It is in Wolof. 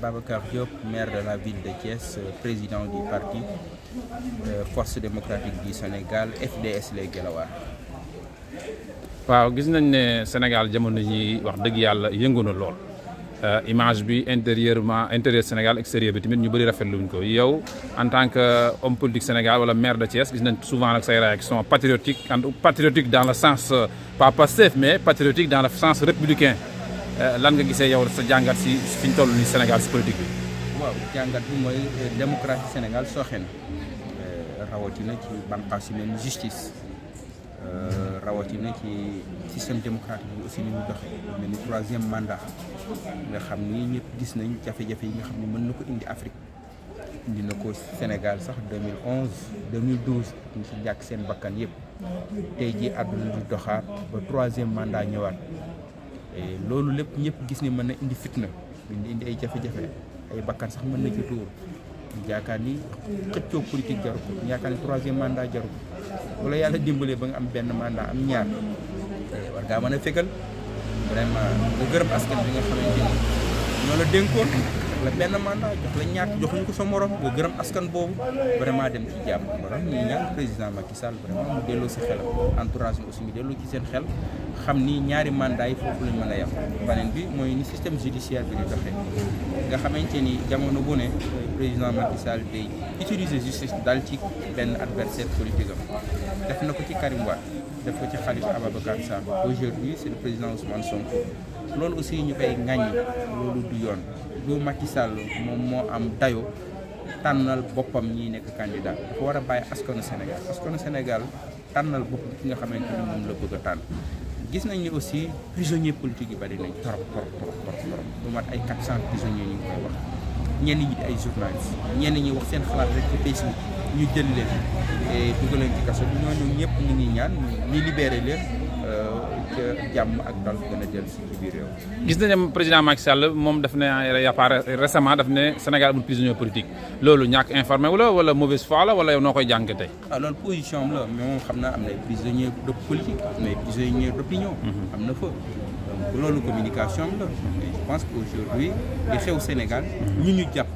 Babacar Diop, maire de la ville de Thiès, euh, président du parti euh, Force démocratique du Sénégal FDS Les Guelwaar. waaw gis nañ Sénégal jamono ji wax dëgg yëngu na euh, image bi intérieurement intérieur Sénégal extérieur bi tamit ñu bëri en tant qu'homme homme politique Sénégal wala maire de Thiès gis nañ souvent nag réaction patriotique patriotique dans le sens pas passif mais patriotique dans le sens républicain. Euh, lan nga gisee yow sa jàngat si fi ñu toll nii Sénégal si politique bi. waaw jàngat bi mooy euh, démocratie Sénégal sooxe na euh, rawatina ci bànqaas yu mel ni justice rawatina ci système démocratique bi aussi ni mu doxee mel ni troisième mandat nga xam ni ñëpp gis nañ jafe-jafe yi nga xam ni mën na ko indi Afrique indi na ko Sénégal sax 2011 2012 ñu si jàkk seen bakkan yëpp tey jii àdduna di doxaat ba troisième mandat ñëwaat. Eh, loolu lépp ñëpp gis ni mën na indi fitna indi indi ay jafe-jafe ay bakkan sax mën ci tuur yaakaar ni xëccoo politique jaru ko yaakaar ni troisième mandat jaru ko wala yàlla dimbalee ba nga am benn mandat am ñaar eh, war ngaa mën a fekkal vraiment nga gërëm askan bi nga xamante ni ñoo la benn mandat jox la ñaar ñu ko sa morom nga gërëm askan boobu vraiment dem ci jàmm morom ñu ñaan président Macky Sall vraiment mu delloo si xelam entourage aussi mu delloo ci seen xel xam ni ñaari mandat yi foofu lañ mën a yem. beneen bi mooy ni système judiciaire bi di doxee nga xamante ni jamono bu ne président Macky Sall day utiliser justice dal ci benn adversaire politique am def na ko ci Karim Wade def ko ci Khalifa Ababacar Sall aujourd'hui c'est le président Ousmane Sonko. loolu aussi ñu koy ŋàññi loolu du yoon du Macky sàll moom moo am dayo tànnal boppam ñi nekk candidat dafa war a bàyyi askanu Sénégal askanu Sénégal tànnal boppam ki nga xamante ni moom la bëgg tànn gis nañ ni aussi prisonnier politique yi bari nañ torop torop torop torop torop lu mat ay 400 prisonniers ñu ngi koy wax ñenn ñi di ay journalistes ñenn ñi wax seen xalaat rek Facebook ñu jël leen eh, dugal leen ci kaso bi ñooñu ñëpp ñu ngi ñaan ñu libéré leen euh, que ak dal gën a dellu ci biir réew. gis nañ président Macky Sall mom daf né récemment daf né Sénégal amul prisonnier politique lolu ñak informé wala wala mauvaise foi la wala yow noo koy jàng ah lolu position la mais moom xam naa prisonnier de politique mais na prisonnier d' opinion. Mhm. fa donc lolu communication la. mais je pense qu'aujourd'hui les li au Sénégal ñu ñu jàpp.